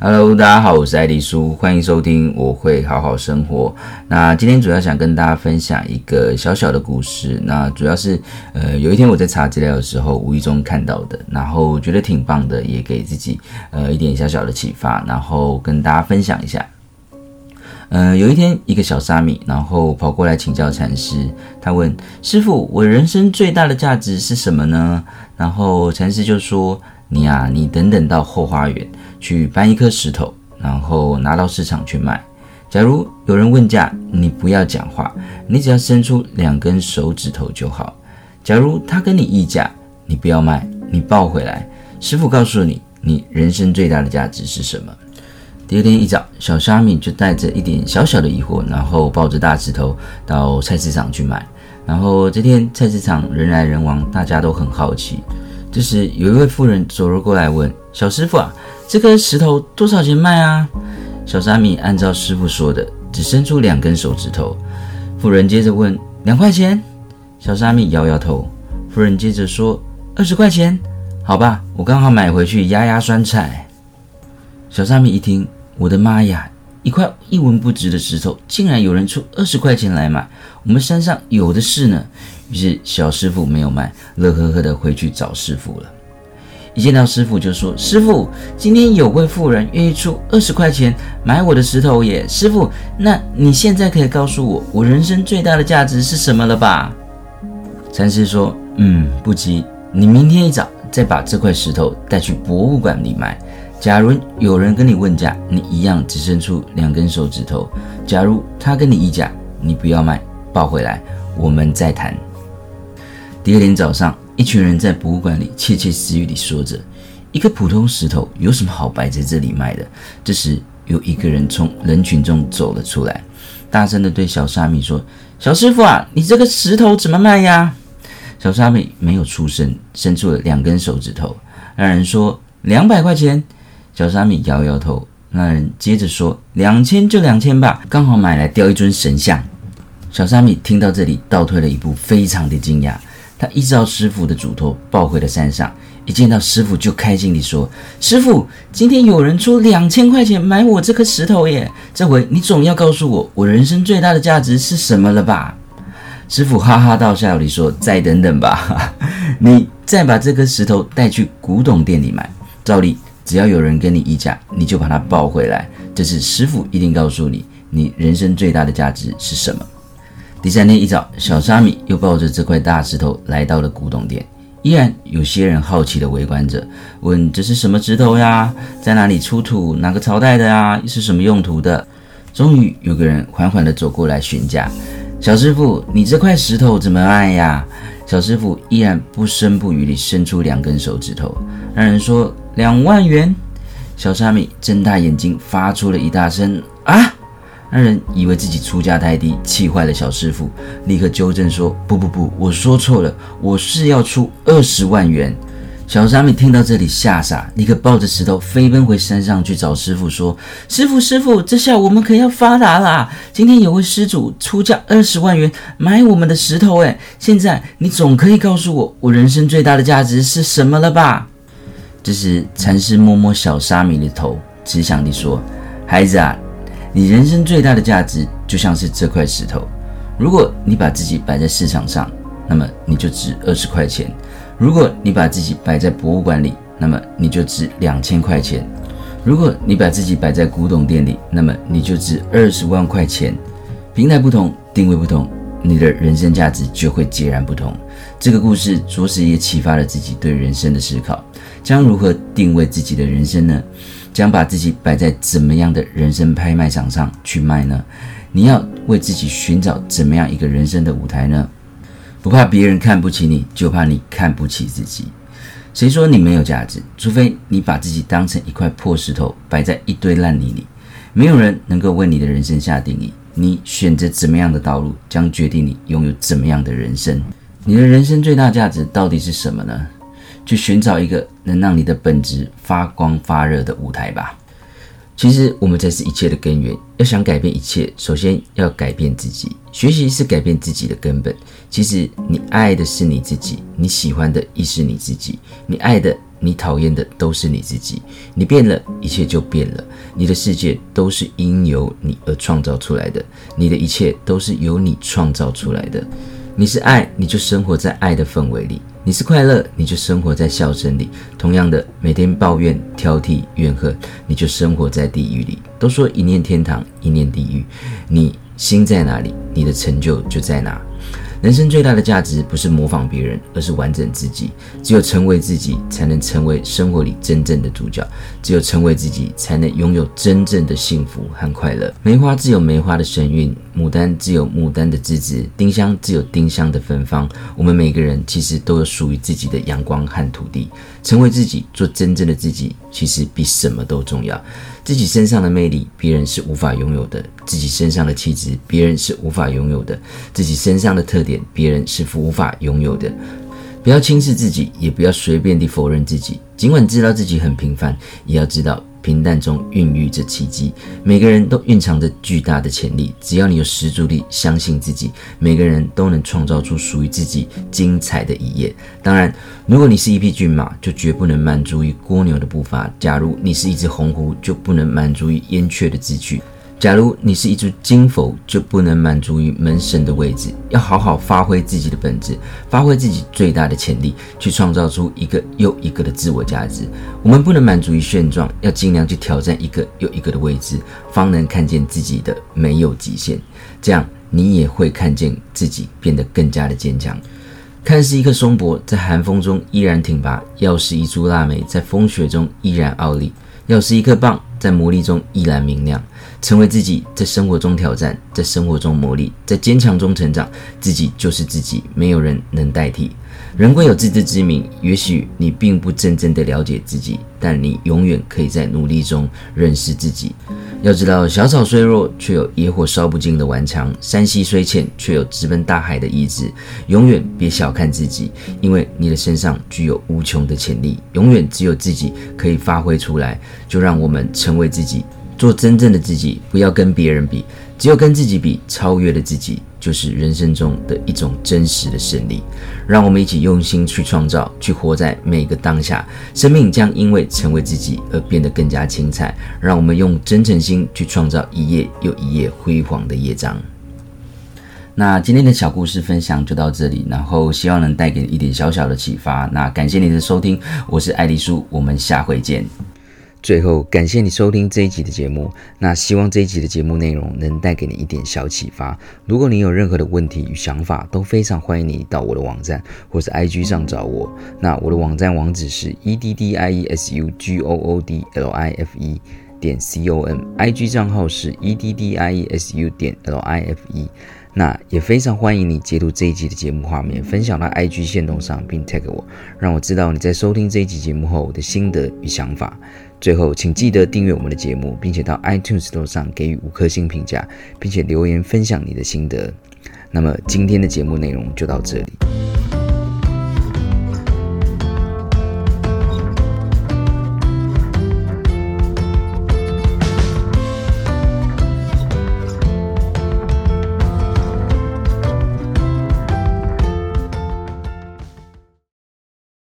Hello，大家好，我是艾麗舒，歡迎收聽《我會好好生活》。那今天主要想跟大家分享一個小小的故事。那主要是呃，有一天我在查資料的時候無意中看到的，然後我覺得挺棒的，也給自己呃一點小小的啟發，然後跟大家分享一下。嗯、呃，有一天一個小沙彌，然後跑過來請教禪師，他問師傅：“我人生最大的價值是什麼呢？”然後禪師就說：“你啊，你等等到後花園。”去搬一顆石頭，然後拿到市場去賣。假如有人問價，你不要講話，你只要伸出兩根手指頭就好。假如他跟你議價，你不要賣，你抱回來。師父告訴你，你人生最大的價值是什麼？第二天一早，小沙彌就帶着一點小小的疑惑，然後抱着大石頭到菜市場去賣。然後這天菜市場人來人往，大家都很好奇。這時，有一位婦人走了過來問。小師傅啊，這顆石頭多少錢賣啊？小沙彌按照師傅說的，只伸出兩根手指頭。婦人接着問：“兩塊錢？”小沙彌搖搖頭。婦人接着說：“二十塊錢？好吧，我剛好買回去壓壓酸菜。”小沙彌一聽，我的媽呀！一塊一文不值的石頭，竟然有人出二十塊錢來買？我們山上有的是呢。於是小師傅沒有賣，樂呵呵的回去找師傅了。一見到師傅就說：“師傅，今天有位富人願意出二十塊錢買我的石頭耶！師傅，那你現在可以告訴我，我人生最大的價值是什麼了吧？”禪師說：“嗯，不急，你明天一早再把這塊石頭帶去博物館裡賣。假如有人跟你問價，你一樣只伸出兩根手指頭；假如他跟你議價，你不要賣，抱回來，我們再談。”第二天早上。一群人在博物館裡竊竊私語地說著：“一個普通石頭有什麼好擺在這裡賣的？”這時，有一個人從人群中走了出來，大聲地對小沙彌說：“小師傅啊，你這個石頭怎麼賣呀？”小沙彌沒有出聲，伸出了兩根手指頭。那人說：“兩百塊錢。”小沙彌搖搖頭。那人接着說：“兩千就兩千吧，剛好買來雕一尊神像。”小沙彌聽到這裡，倒退了一步，非常的驚訝。他依照師傅的囑託抱回了山上，一見到師傅就開心地說：“師傅，今天有人出兩千塊錢買我這顆石頭耶！這回你總要告訴我，我人生最大的價值是什麼了吧？”師傅哈哈大笑地說：“再等等吧，哈哈，你再把這顆石頭帶去古董店裡賣，照例只要有人跟你議價，你就把它抱回來。這次師傅一定告訴你，你人生最大的價值是什麼。”第三天一早，小沙彌又抱着這塊大石頭來到了古董店，依然有些人好奇的圍觀着，問：“這是什麼石頭呀？在哪裡出土？哪個朝代的啊？是什麼用途的？”終於有個人緩緩地走過來詢價：“小師傅，你這塊石頭怎麼賣呀？”小師傅依然不聲不語地伸出兩根手指頭，那人說：“兩萬元。”小沙彌睜大眼睛，發出了一大聲：“啊！”那人以為自己出價太低，氣壞了小師傅，立刻糾正說：“不不不，我說錯了，我是要出二十萬元。”小沙彌聽到這裡嚇傻，立刻抱着石頭飛奔回山上去找師傅說：“師傅師傅，這下我們可要發達啦！今天有位施主出價二十萬元買我們的石頭、欸，哎，現在你總可以告訴我，我人生最大的價值是什麼了吧？”這時，禪師摸摸小沙彌的頭，慈祥地說：“孩子啊。”你人生最大的價值就像是這塊石頭，如果你把自己擺在市場上，那麼你就值二十塊錢；如果你把自己擺在博物館裡，那麼你就值兩千塊錢；如果你把自己擺在古董店裡，那麼你就值二十萬塊錢。平台不同，定位不同，你的人生價值就會截然不同。這個故事着實也啟發了自己對人生的思考，將如何定位自己的人生呢？將把自己擺在怎麼樣的人生拍賣場上去賣呢？你要為自己尋找怎麼樣一個人生的舞台呢？不怕別人看不起你，就怕你看不起自己。誰說你沒有價值？除非你把自己當成一塊破石頭，擺在一堆爛泥裡。沒有人能夠為你的人生下定義。你選擇怎麼樣的道路，將決定你擁有怎麼樣的人生。你的人生最大價值到底是什麼呢？去尋找一個能讓你的本質發光發熱的舞台吧。其實，我們才是一切的根源。要想改變一切，首先要改變自己。學習是改變自己的根本。其實，你愛的是你自己，你喜歡的亦是你自己。你愛的，你討厭的，都是你自己。你變了，一切就變了。你的世界都是因由你而創造出來的，你的一切都是由你創造出來的。你是愛，你就生活在愛的氛圍裡。你是快樂，你就生活在笑聲裡；同樣的，每天抱怨、挑剔、怨恨，你就生活在地獄裡。都說一念天堂，一念地獄，你心在哪裡，你的成就就在哪。人生最大的價值不是模仿別人，而是完整自己。只有成為自己，才能成為生活裡真正的主角；只有成為自己，才能擁有真正的幸福和快樂。梅花自有梅花的神韻。牡丹自有牡丹的姿質，丁香自有丁香的芬芳。我們每個人其實都有屬於自己的陽光和土地，成為自己，做真正的自己，其實比什麼都重要。自己身上的魅力，別人是無法擁有的；自己身上的氣質，別人是無法擁有的；自己身上的特點，別人是無法擁有的。不要輕視自己，也不要隨便地否認自己。盡管知道自己很平凡，也要知道。平淡中孕育着奇蹟，每個人都蘊藏着巨大的潛力。只要你有十足力，相信自己，每個人都能創造出屬於自己精彩的一頁。當然，如果你是一匹駿馬，就絕不能滿足於蝸牛的步伐；假如你是一只鴻鵠，就不能滿足於燕雀的志趣。假如你是一株金佛，就不能滿足於門神的位置，要好好發揮自己的本質，發揮自己最大的潛力，去創造出一個又一個的自我價值。我們不能滿足於現狀，要盡量去挑戰一個又一個的位置，方能看見自己的沒有極限。這樣，你也會看見自己變得更加的堅強。看似一顆松柏在寒風中依然挺拔，要是一株臘梅在風雪中依然傲立，要是一顆蚌在磨礪中依然明亮。成為自己，在生活中挑戰，在生活中磨礪，在堅強中成長。自己就是自己，沒有人能代替。人貴有自知之明，也許你並不真正的了解自己，但你永遠可以在努力中認識自己。要知道，小草雖弱，卻有野火燒不盡的頑強；山溪雖淺，卻有直奔大海的意志。永遠別小看自己，因為你的身上具有無窮的潛力，永遠只有自己可以發揮出來。就讓我們成為自己。做真正的自己，不要跟別人比，只有跟自己比，超越了自己，就是人生中的一種真實的勝利。讓我們一起用心去創造，去活在每個當下，生命將因為成為自己而變得更加精彩。讓我們用真誠心去創造一頁又一頁輝煌的樂章。那今天的小故事分享就到這裡，然後希望能帶給你一點小小的啟發。那感謝您的收聽，我是愛麗叔，我們下回見。最後，感謝你收聽這一集的節目。那希望這一集的節目內容能帶給你一點小啟發。如果你有任何的問題與想法，都非常歡迎你到我的網站或是 IG 上找我。那我的網站網址是 eddiesugoodlife 點 com，IG 賬號是 eddiesu 點 life。那也非常歡迎你截圖這一集的節目畫面，分享到 IG 限動上，並 tag 我，讓我知道你在收聽這一集節目後的心得與想法。最後，請記得訂閱我們的節目，並且到 iTunes 上給予五顆星評價，並且留言分享你的心得。那麼，今天的節目內容就到這裡。